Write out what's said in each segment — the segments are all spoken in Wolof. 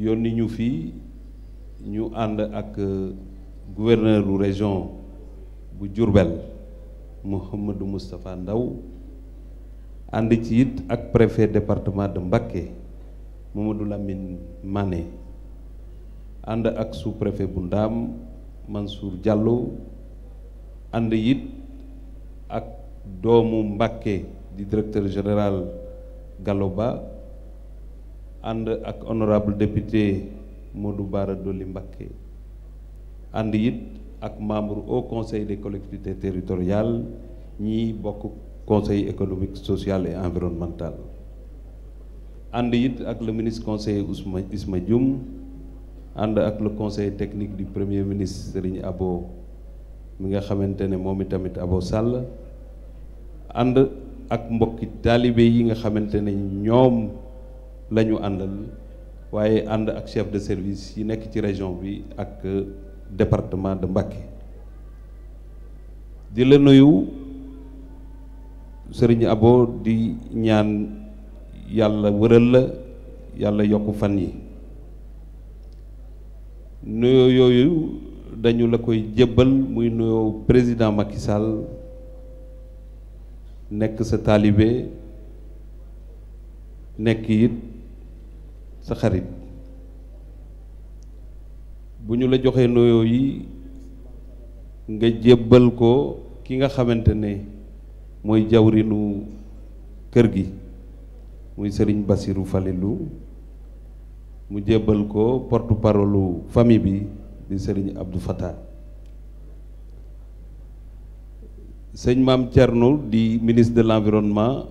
yónni ñu fii ñu ànd ak euh, gouverneur u région bu jurbel Mouhamadou Moustapha Ndaw ànd ci it ak préfet département de Mbacké Mamadou Lamine mane ànd ak sous-préfet bu Ndaam Mansour Diallo ànd it ak doomu Mbacké di directeur général ba ànd ak honorable député Modou Bara Dolly Mbacké ànd it ak membre o conseil des collectivités territoriales ñi bokk conseil économique social et environnemental ànd it ak le ministre conseil Ousmane Isma Dioum ànd ak le conseil technique du premier ministre Serigne Abo mi nga xamante ne moom itamit Abo Sall ànd ak mbokki taalibe yi nga xamante ne ñoom lañu ñu àndal waaye ànd ak chef de service yi nekk ci région bi ak euh, département de Mbacké di la nuyu sëriñu Abo di ñaan yàlla wëral la yàlla yokk fan yi nuyoo yooyu dañu la koy jébbal muy nuyoo président Macky Sall nekk sa taalibe nekk it sa xarit bu ñu la joxee noyo yi nga jébbal ko ki nga xamante ne mooy jawrinu kër gi muy sëriñ Basiru Falilu mu jébbal ko porte parole famille bi di sëriñ abdu Fattah sëñ Maam Thierno di ministre de l'environnement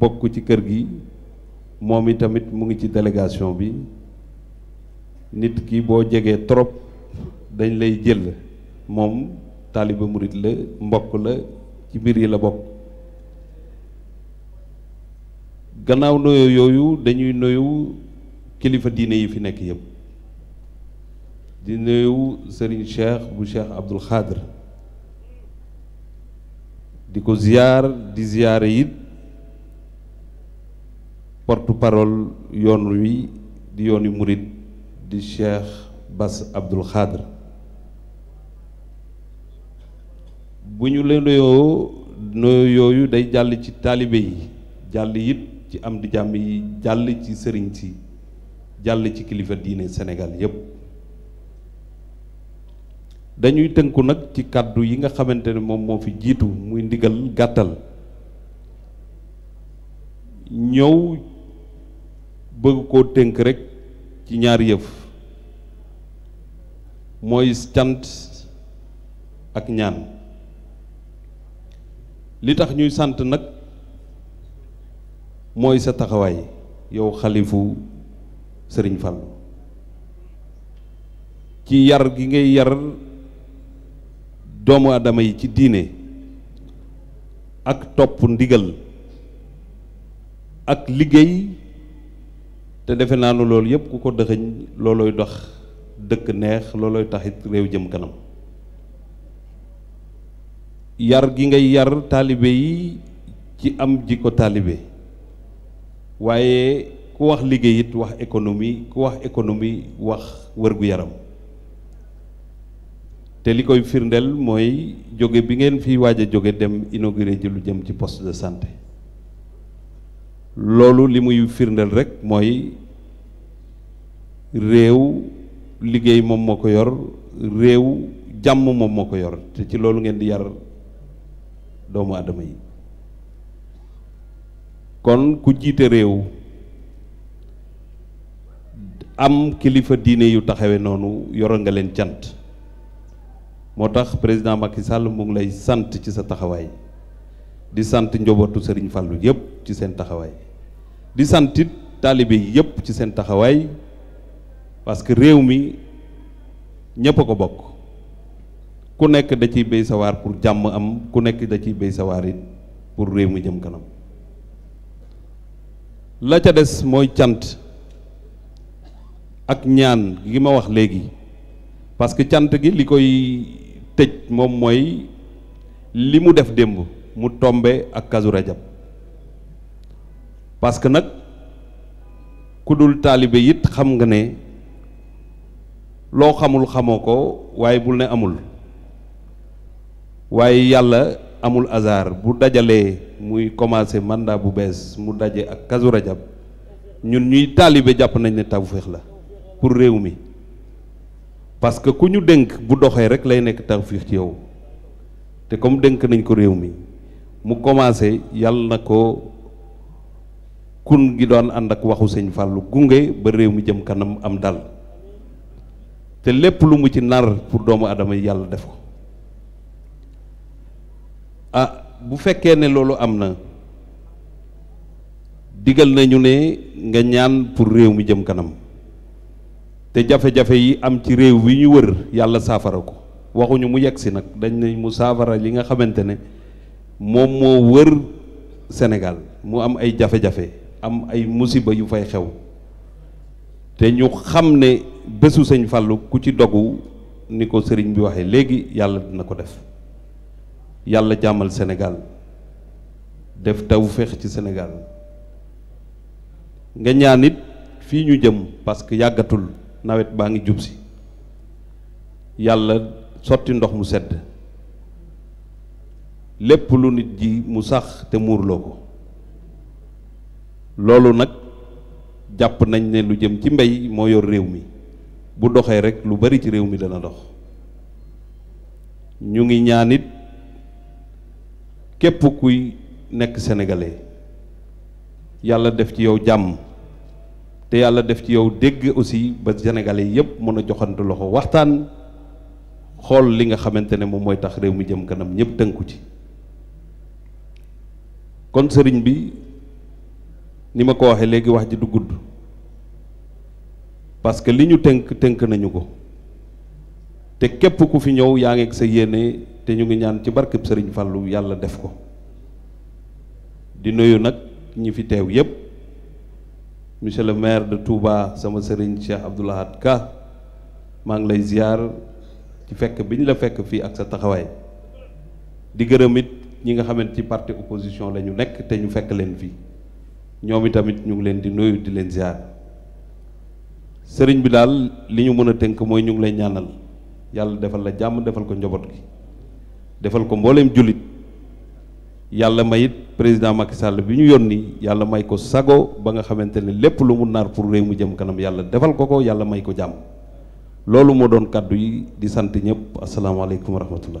bokk ci kër gi moom i tamit mu ngi ci délégation bi nit ki boo jegee trop dañ lay jël moom taaliba murit la mbokk la ci biir yi la bokk gannaaw noyo yooyu dañuy nuyu kilifa diine yi fi nekk yëpp di nuyu Serigne Cheikh bu Cheikh Abdoul Khadr di ko ziyaar di ziyaare it porte-parole yoon wi di yoon yu murit di Cheikh Bass Abdoul Khadr bu ñu la nuyoo nuyoo yooyu day jàll ci taalibe yi jàll yit ci am di jàmm yi jàll ci sëriñ si jàll ci kilifa diine senegal yépp dañuy tënku nag ci kàddu yi nga xamante ne moom moo fi jiitu muy ndigal gàttal ñëw bëgg koo tënk rekk ci ñaar yëf mooy cant ak ñaan li tax ñuy sant nag mooy sa taxawaay yow xalifu sëriñ fal ci yar gi ngay yar doomu aadama yi ci diine ak topp ndigal ak liggéey te defe naa ne loolu yëpp ku ko dëxëñ loolooy dox dëkk neex loolooy taxit réew jëm kanam yar gi ngay yar taalibe yi ci am ji ko taalibe waaye ku wax liggéey it wax économie ku wax économie wax wër-gu-yaram te li koy firndeel mooy jóge bi ngeen fi waaj a jóge dem inauguré ji lu jëm ci post de santé loolu li muy firndeel rek mooy réew liggéey moom moo ko yor réew jàmm moom moo ko yor te ci loolu ngeen di yar doomu aadama yi kon ku jiite réew am kilifa diine yu taxawe noonu yoroon nga leen cant moo tax président Macky Sall mu lay sant ci sa taxawaay di sant njobootu sëriñ Fallou yëpp ci seen taxawaay di santit taalibe yëpp ci seen taxawaay parce que réew mi ñépp a ko bokk ku nekk da ciy béy sawaar pour jàmm am ku nekk da ciy béy sawaar pour réew mi jëm kanam la ca des mooy cant ak ñaan gi ma wax léegi parce que cant gi li koy tëj moom mooy li mu def démb mu tombe ak kazu rajab parce que nag ku dul taalibe it xam nga ne loo xamul xamoo ko waaye bul ne amul waaye yàlla amul hasard bu dajalee muy commencé mandat bu bees mu daje ak kazu ñun ñuy taalibe jàpp nañ ne tawféex la pour réew mi parce que ku ñu dénk bu doxee rek lay nekk tawféex ci yow te comme dénk nañ ko réew mi mu commencé yàlla na ko kun gi doon ànd ak waxu sëñ Fallou gunge ba réew mi jëm kanam am dal te lépp lu mu ci nar pour doomu adama yi yàlla def ko ah bu fekkee ne loolu am na digal nañu ne nga ñaan pour réew mi jëm kanam te jafe-jafe yi am ci réew bi ñu wër yàlla saafara ko waxuñu mu yegg si nag dañ ne mu saafara li nga xamante ne moom moo wër Sénégal mu am ay jafe-jafe am ay musiba yu fay xew te ñu xam ne bésu sëñ fallu ku ci dogu ni ko sëriñ bi waxee léegi yàlla dina ko def yàlla jàmmal senegal def taw feex ci senegal nga ñaan nit fii ñu jëm parce que yàggatul nawet baa ngi jub si yàlla sotti ndox mu sedd lépp lu nit ji mu sax te muurloo ko loolu nag jàpp nañ ne lu jëm ci mbay moo yor réew mi bu doxee rek lu bari ci réew mi dana dox ñu ngi ñaa nit képp kuy nekk sénégalais yàlla def ci yow jàmm te yàlla def ci yow dégg aussi ba sénégalais yépp mën a joxante loxo waxtaan xool li nga xamante ne moom mooy tax réew mi jëm kanam ñépp tënku ci kon sëriñ bi ni ma ko waxee léegi wax ji du gudd parce que li ñu tënk tënk nañu ko te képp ku fi ñëw yaa ngi ak sa yéene te ñu ngi ñaan ci barkeb sëriñ Fallou yàlla def ko di nuyu nag ñi fi teew yépp monsieur le maire de Touba sama sëriñ Cheikh Abdou Lahad Ka maa ngi lay ziar ci fekk bi ñu la fekk fii ak sa taxawaay di gërëm ñi nga xamante ci parti opposition la ñu nekk te ñu fekk leen fii ñoom itamit ñu ngi leen di nuyu di leen ziar sëriñ bi daal li ñu mën a tënk mooy ñu ngi lay ñaanal yàlla defal la jàmm defal ko njaboot gi defal ko mbooleem jullit yàlla may it président Macky Sall bi ñu yónni yàlla may ko sago ba nga xamante ne lépp lu mu naar pour réew mu jëm kanam yàlla defal ko ko yàlla may ko jàmm loolu moo doon kàddu yi di sant ñëpp asalaamaaleykum wa rahmatullah